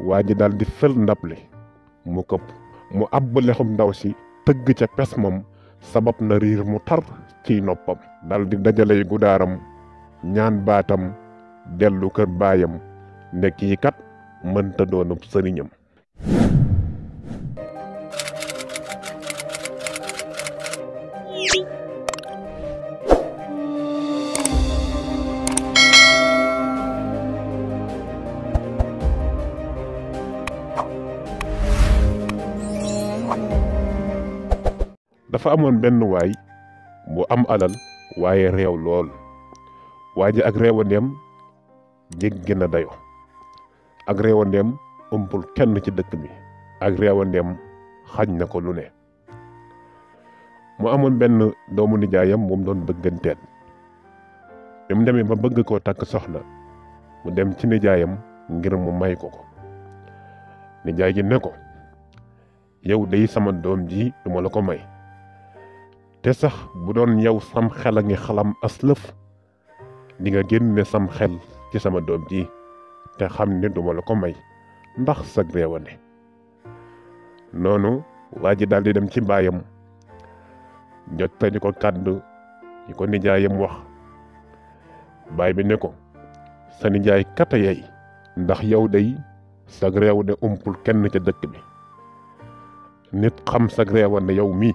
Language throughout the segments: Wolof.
waa ji daldi di fël ndab li mu këpp mu àbb lexum ndaw si tëgg ca pes moom sabab na riir mu tar ciy noppam daldi di dajalay gudaaram ñaan baatam dellu kër baayam ne kii kat mënta doonub sëriñam dafa amoon benn waay bu am alal waaye réew lool waa ji ak réewandeem jéggi na dayo ak réewandeem ëmpul kenn ci dëkk bi ak réewandeem xañ na ko lu ne mu amoon benn doomu nijaayam moom doon bëgganteen bi mu demee ba bëgg koo takk soxna mu dem ci nijaayam ngir mu may ko ko nijaay gi ne ko yow day sama doom ji duma la ko may te sax bu doon yow sam xel a ngi xalam di nga génne sam xel ci sama doom ji te xam ne duma ko may ndax sag réewande noonu waa ji daal di dem ci baayam jottali ko kàddu yi ko nijaayam wax baay bi ne ko sa nijaay kata yey ndax yow day sag réewande umpul kenn ca dëkk bi nit xam sag réewande yow mii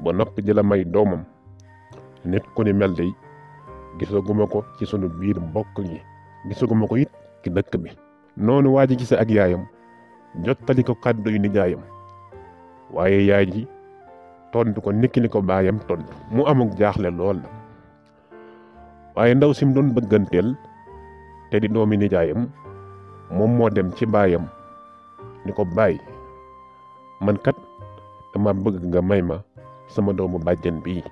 ba noppi di la may doomam nit ku ni mel day gisaguma ko ci sunu biir mbokk yi gisaguma ko it ci dëkk bi noonu waa ji gise ak yaayam jottali ko kàddu yu nijaayam waaye yaay ji tontu ko nikki ko baayam tontu mu amuk jaaxle lool la waaye ndaw sim doon bëgganteel te di doomi nijaayam moom moo dem ci baayam ni ko baay man kat dama bëgg nga may ma sama doomu bàjjen bii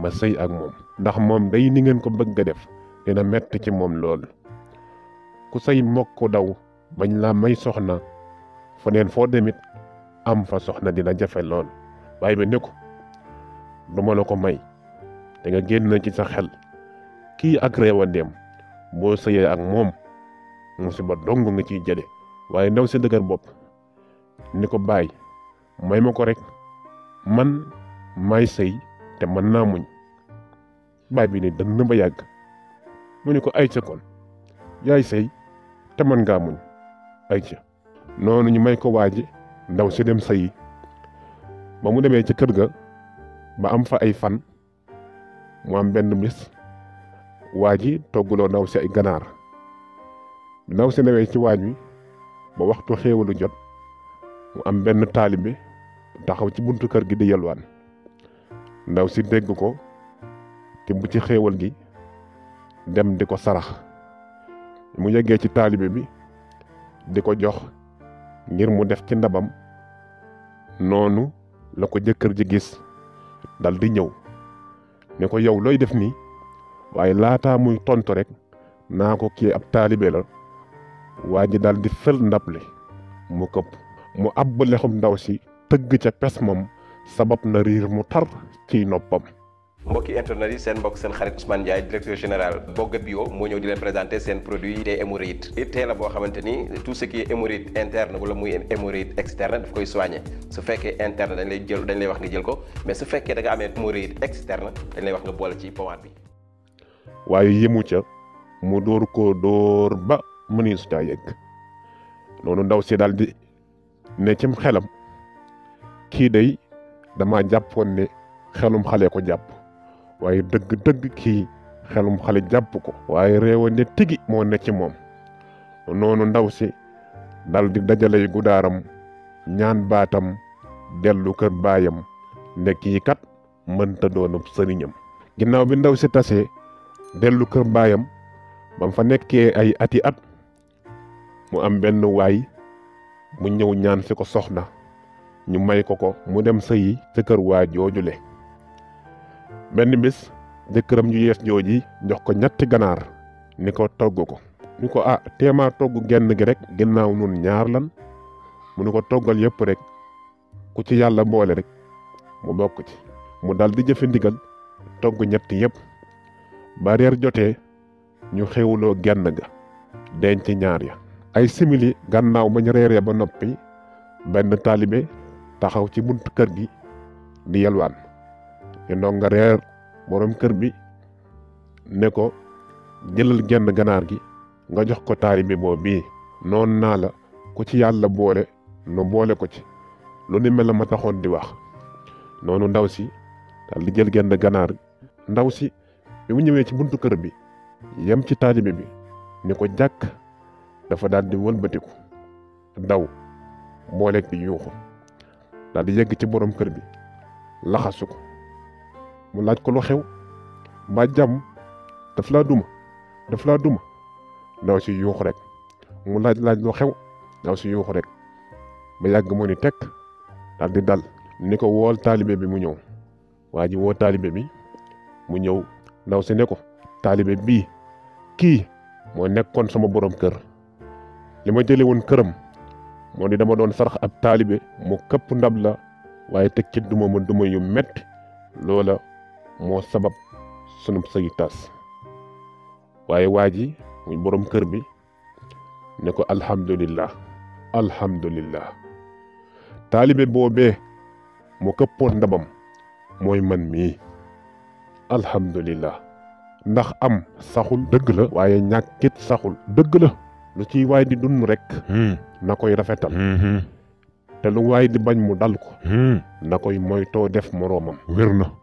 ma sëy ak moom ndax moom day ni ngeen ko bëgg def dina metti ci moom lool ku say mokk daw bañ laa may soxna feneen foo demit am fa soxna dina jafe lool waaye ba ne ko du ma la ko may te nga génn ci sa xel kii ak réewandeem boo sëyee ak moom si musiba dong nga ci jële waaye ndaw si dëgër bopp ni ko bàyyi may ma ko rek man maay sey te mën naa muñ baay bi ni dënn ba yàgg mu ne ko ayca kon yaay sey te mën ngaa muñ ayca noonu ñu may ko waaji ndaw si dem sëyi ba mu demee ca kër ga ba am fa ay fan mu am benn bis waa ji togguloo ndaw si ay ganaar ndaw si newee ci waañ wi ba waxtu xéewalu jot mu am benn taalibe taxaw ci buntu kër gi di yalwaan ndaw si dégg ko te bu ci xéewal gi dem di ko sarax mu yeggee ci taalibe bi di ko jox ngir mu def ci ndabam noonu la ko jëkkër ji gis dal di ñëw ne ko yow looy def nii waaye laataa muy tontu rek naa ko ki ab taalibe la waa ji dal di fël ndab li mu këpp mu àbb lexum ndaw si tëgg ca pes moom sabab na riir mu tar ciy noppam mbokki internet yi seen mbokk seen xarit Ousmane Ndiaye directeur général Boga Bio moo ñëw di leen présenté seen produit yi day tey la boo xamante ni tout ce qui est interne wala muy hémorroïde externe daf koy soigné su fekkee interne dañ lay jël dañ lay wax nga jël ko mais su fekkee da nga amee hémorroïde externe dañ lay wax nga boole ci pommade bi. waaye yemu ca mu dóor ko dóor ba mëneesu caa yegg noonu ndaw si dal di ne cim xelam. kii day dama jàppoon ni xelum xale ko jàpp waaye dëgg-dëgg kii xelum xale jàpp ko waaye réewa ne tigi moo ne ci moom noonu ndaw si dal di dajalay gudaaram ñaan baatam dellu kër baayam ne kii kat mënta doonub ginnaaw bi ndaw si tasee dellu kër baayam bam fa nekkee ay ati at mu am benn waay mu ñëw ñaan si ko soxna ñu may ko ko mu dem sëyi sa kër waa joojule benn bis jëkkëram ñu yees jooji jox ko ñetti ganaar ni ko togg ko ni ko a ah, teemaa togg genn gi rek ginnaaw nun ñaar lan mu ni ko toggal yëpp rek ku ci yàlla boole rek mu bokk ci mu dal di jëfe ndigal togg ñetti yëpp ba reer jotee ñu xewloo genn ga ci ñaar ya ay simili gannaaw bañ reeree ba noppi benn taalibe taxaw ci bunt kër gi di yelwaan te ndongo reer borom kër bi ne ko jëlal genn ganaar gi nga jox ko taalibe boo bii noonu naa la ko ci yàlla boole nu boole ko ci lu ni mel la ma taxoon di wax noonu ndaw si daal jël genn ganaar ndaw si bi mu ñëwee ci buntu kër bi yem ci taalibe bi ni ko jàkk dafa daldi di wëlbatiku daw booleeg di yuuxu daal di yegg ci borom kër bi laxasu ko mu laaj ko lu xew mbaa jàmm daf laa duma daf laa duma ndaw si yuuxu rek mu laaj laaj lu xew ndaw si yuuxu rek ba yàgg moo ni tekk daal di dal ni ko wool taalibe bi mu ñëw waa ji woo taalibe bi mu ñëw ndaw si ne ko taalibe bii kii moo nekkoon sama borom kër li ma jële woon këram moo di dama doon sarax ab taalibe mu këpp ndab la waaye teg ci duma ma duma yu metti loola moo sabab sunub sëyi tas waaye waa ji muy borom kër bi ne ko alhamdulillah alhamdulillah taalibe boobee mu këppoon ndabam mooy man mii alhamdulillah ndax am saxul dëgg la waaye ñàkkit saxul dëgg la lu ciy waay di dund rek. Hmm. na koy rafetal. Hmm. te lu waay di bañ mu dal ko. Hmm. na koy moytoo def moroomam. wér na.